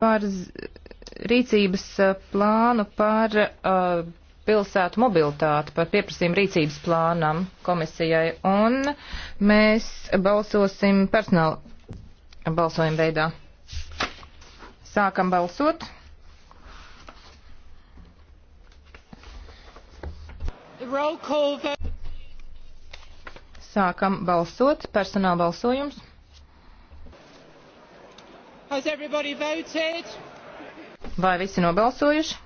par rīcības eh, plānu par uh, pilsētu mobilitāti, par pieprasījumu rīcības plānam komisijai, un mēs balsosim personāla balsojuma veidā. Sākam balsot. Sākam balsot. Personāla balsojums. Vai visi nobalsojuši?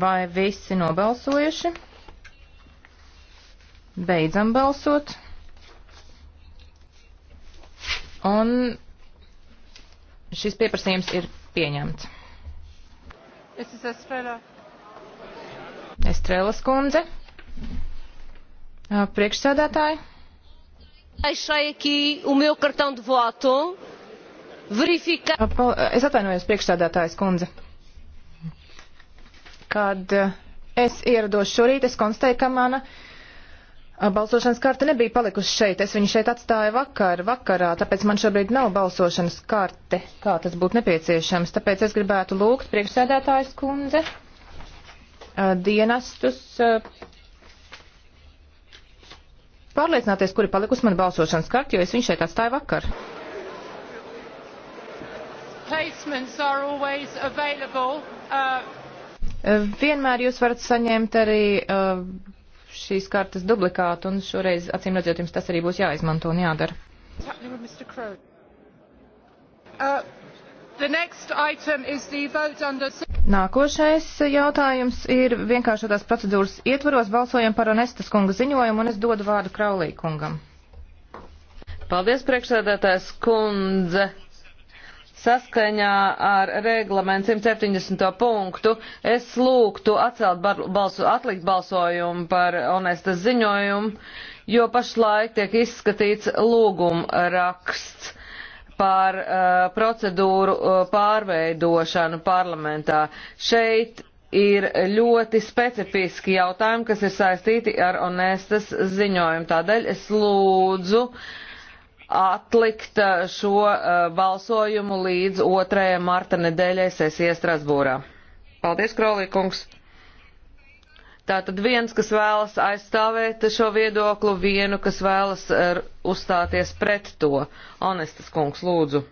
Vai visi nobalsojuši? Beidzam balsot. Un šis pieprasījums ir pieņemts. Es esmu Estrela. Estrela skundze. Priekšsēdētāji. Deixei aqui o meu cartão de voto. Verifica... Es atvainojos priekšstādātājas kundze. Kad eh, es ierados šorīt, es konstatēju, ka mana eh, balsošanas karta nebija palikusi šeit. Es viņu šeit atstāju vakar, vakarā, tāpēc man šobrīd nav balsošanas karte, kā tas būtu nepieciešams. Tāpēc es gribētu lūgt priekšsēdētājas kundze eh, dienestus pārliecināties, kur ir palikusi man balsošanas karte, jo es viņu šeit atstāju vakar. Uh, uh... Vienmēr jūs varat saņemt arī uh, šīs kartes dublikātu, un šoreiz, acīm redzot, jums tas arī būs jāizmanto un jādara. Uh, Nākošais jautājums ir vienkāršotās procedūras ietvaros balsojam par Onestas kunga ziņojumu un es dodu vārdu Kraulī kungam. Paldies, priekšsēdētājs kundze. Saskaņā ar reglamentu 170. punktu es lūgtu atcelt balsu, atlikt balsojumu par Onestas ziņojumu, jo pašlaik tiek izskatīts lūguma raksts par uh, procedūru uh, pārveidošanu parlamentā. Šeit ir ļoti specifiski jautājumi, kas ir saistīti ar Onestas ziņojumu. Tādēļ es lūdzu atlikt eh, šo uh, balsojumu līdz 2. marta nedēļai sesijas Strasbūrā. Paldies, Krolīkungs! Tātad viens, kas vēlas aizstāvēt šo viedoklu, vienu, kas vēlas er, uzstāties pret to. Onestas kungs, lūdzu.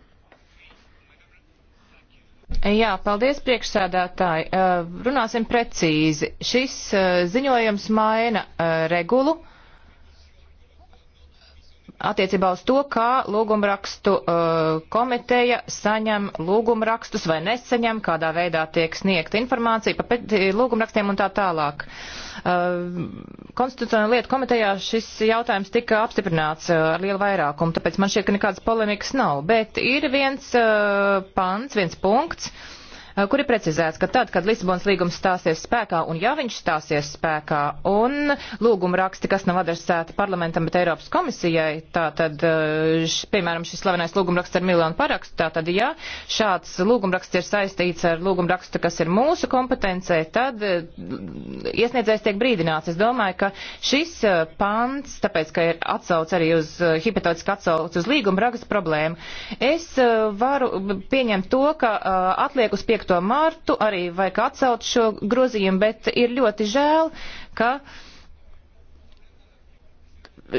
Jā, paldies priekšsēdētāji. Uh, runāsim precīzi. Šis uh, ziņojums maina uh, regulu attiecībā uz to, kā lūgumrakstu uh, komiteja saņem lūgumrakstus vai nesaņem, kādā veidā tiek sniegta informācija par lūgumrakstiem un tā tālāk. Uh, Konstitucionāla lieta komitejā šis jautājums tika apstiprināts uh, ar lielu vairākumu, tāpēc man šķiet, ka nekādas polemikas nav, bet ir viens uh, pants, viens punkts, uh, Eh, kur ir precizēts, ka tad, kad Lisabonas līgums stāsies spēkā un ja viņš stāsies spēkā un lūguma raksti, kas nav adresēti parlamentam, bet Eiropas komisijai, tātad, eh, š, piemēram, šis slavenais lūguma raksts ar miljonu parakstu, tātad, ja šāds lūguma raksts ir saistīts ar lūguma rakstu, kas ir mūsu kompetencē, tad eh, iesniedzējs tiek brīdināts. Es domāju, ka šis pants, tāpēc, ka ir atsauc arī uz hipotētisku atsauc uz līguma rakstu problēmu, es varu pieņemt to, ka atliek uz 5. 5. martu, arī vajag atcelt šo grozījumu, bet ir ļoti žēl, ka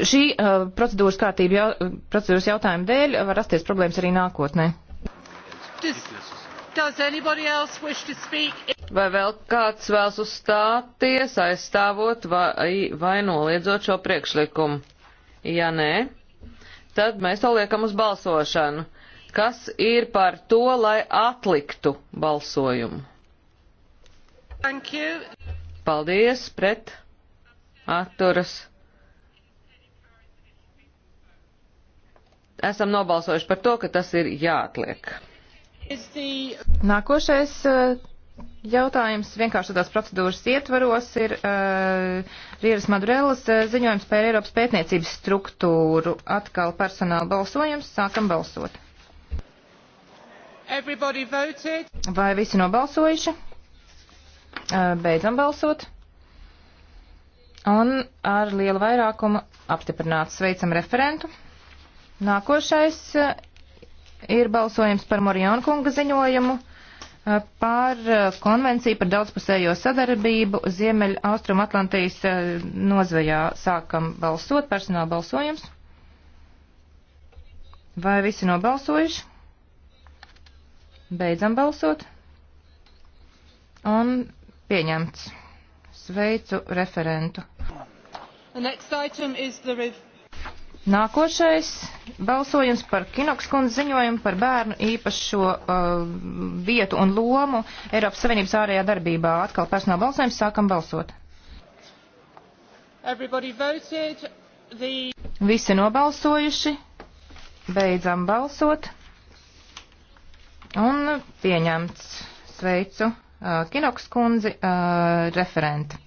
šī uh, procedūras kārtība, jau, procedūras jautājuma dēļ var rasties problēmas arī nākotnē. Does, does Vai vēl kāds vēlas uzstāties, aizstāvot vai, vai noliedzot šo priekšlikumu? Ja nē, tad mēs to liekam uz balsošanu. Kas ir par to, lai atliktu balsojumu? Paldies pret atturas. Esam nobalsojuši par to, ka tas ir jāatliek. Nākošais eh, jautājums vienkārši tās procedūras ietvaros ir uh, Rieras Madurelas eh, ziņojums par Eiropas pētniecības struktūru. Atkal personāla balsojums. Sākam balsot. Vai visi nobalsojuši? Beidzam balsot. Un ar lielu vairākumu apstiprināts sveicam referentu. Nākošais ir balsojums par Morjona kunga ziņojumu par konvenciju par daudzpusējo sadarbību Ziemeļa Austrum Atlantijas nozvejā. Sākam balsot, personāla balsojums. Vai visi nobalsojuši? Beidzam balsot. Un pieņemts. Sveicu referentu. Nākošais balsojums par Kinoks kundzi ziņojumu par bērnu īpašo uh, vietu un lomu Eiropas Savienības ārējā darbībā. Atkal personāla balsojums sākam balsot. The... Visi nobalsojuši. Beidzam balsot un pieņemts sveicu uh, Kinoks kundzi uh, referenti.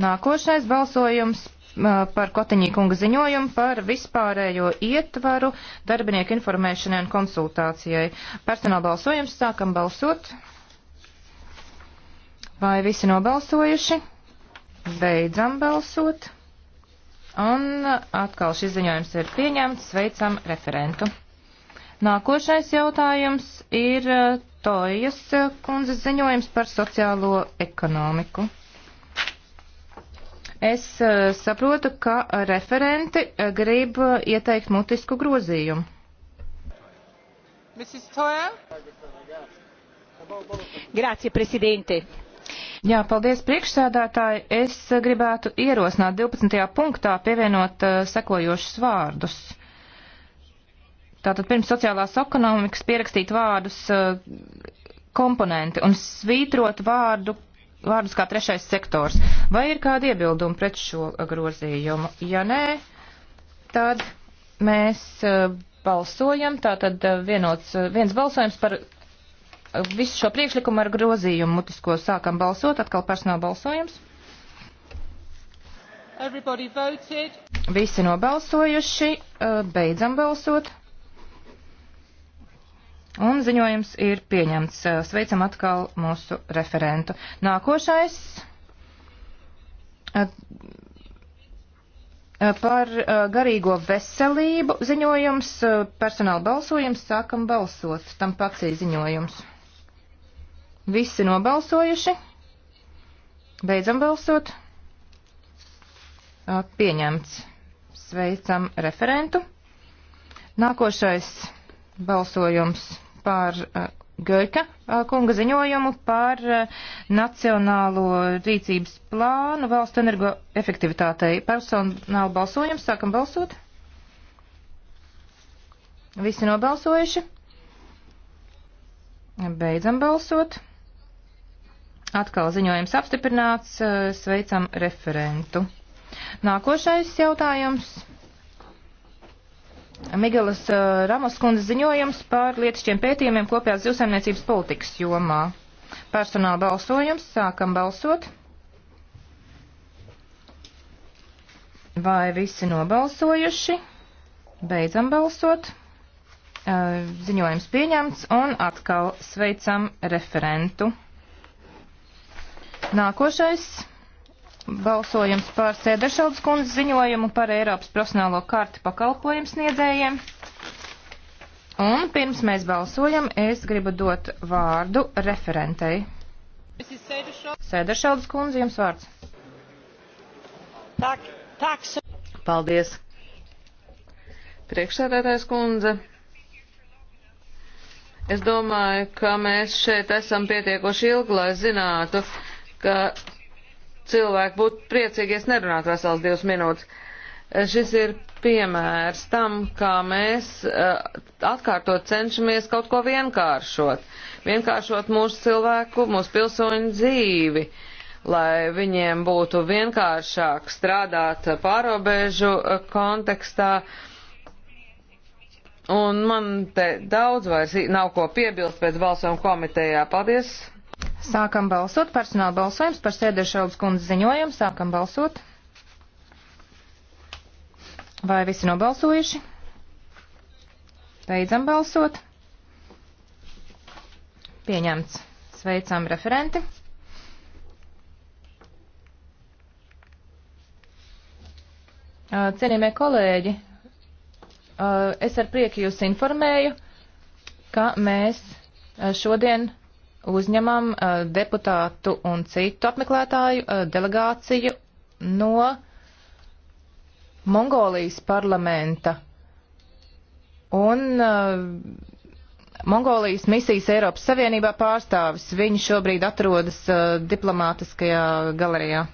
Nākošais balsojums uh, par Kotiņī kunga ziņojumu par vispārējo ietvaru darbinieku informēšanai un konsultācijai. Personāla balsojums sākam balsot. Vai visi nobalsojuši? Beidzam balsot. Un atkal šis ziņojums ir pieņemts. Sveicam referentu. Nākošais jautājums ir eh, Tojas eh, kundzes ziņojums par sociālo ekonomiku. Es eh, saprotu, ka referenti grib ieteikt mutisku grozījumu. Grazie, prezidente. Jā, paldies priekšsēdētāji. Es gribētu ierosināt 12. punktā pievienot uh, sekojošus vārdus. Tātad pirms sociālās ekonomikas pierakstīt vārdus eh, komponenti un svītrot vārdu, vārdus kā trešais sektors. Vai ir kādi iebildumi pret šo grozījumu? Ja nē, tad mēs eh, balsojam, tātad eh, vienots, viens balsojums par visu šo priekšlikumu ar grozījumu mutisko sākam balsot, atkal personāla balsojums. Visi nobalsojuši, beidzam balsot. Un ziņojums ir pieņemts. Sveicam atkal mūsu referentu. Nākošais par garīgo veselību ziņojums, personāla balsojums, sākam balsot, tam patsī ziņojums. Visi nobalsojuši, beidzam balsot, pieņemts. Sveicam referentu. Nākošais balsojums par eh, Goika eh, kunga ziņojumu par eh, nacionālo rīcības plānu valstu energoefektivitātei. Personāla balsojums, sākam balsot. Visi nobalsojuši. Beidzam balsot. Atkal ziņojums apstiprināts. Sveicam referentu. Nākošais jautājums. Migelas eh, Ramos kundzes ziņojums par lietišķiem pētījumiem kopējās zivsaimniecības politikas jomā. Personāla balsojums. Sākam balsot. Vai visi nobalsojuši? Beidzam balsot. Eh, ziņojums pieņemts un atkal sveicam referentu. Nākošais balsojums par Sēdešaldas kundzes ziņojumu par Eiropas profesionālo karti pakalpojumu sniedzējiem. Un pirms mēs balsojam, es gribu dot vārdu referentei. Sēdešaldas kundze, jums vārds. Tak, tak. Paldies. Priekšsēdētājs kundze. Es domāju, ka mēs šeit esam pietiekoši ilgi, lai zinātu, ka cilvēki būtu priecīgi, es nerunātu vesels divas minūtes. Eh, šis ir piemērs tam, kā mēs eh, atkārtot cenšamies kaut ko vienkāršot. Vienkāršot mūsu cilvēku, mūsu pilsoņu dzīvi, lai viņiem būtu vienkāršāk strādāt pārobežu eh, kontekstā. Un man te daudz vairs nav ko piebilst pēc balsojuma komitejā. Paldies! Sākam balsot. Personāla balsojums par Sēdešaudas kundzes ziņojumu. Sākam balsot. Vai visi nobalsojuši? Beidzam balsot. Pieņemts. Sveicam referenti. Cienījamie kolēģi, es ar prieku jūs informēju, ka mēs šodien uzņemam eh, deputātu un citu apmeklētāju eh, delegāciju no Mongolijas parlamenta un eh, Mongolijas misijas Eiropas Savienībā pārstāvis. Viņi šobrīd atrodas diplomātiskajā galerijā.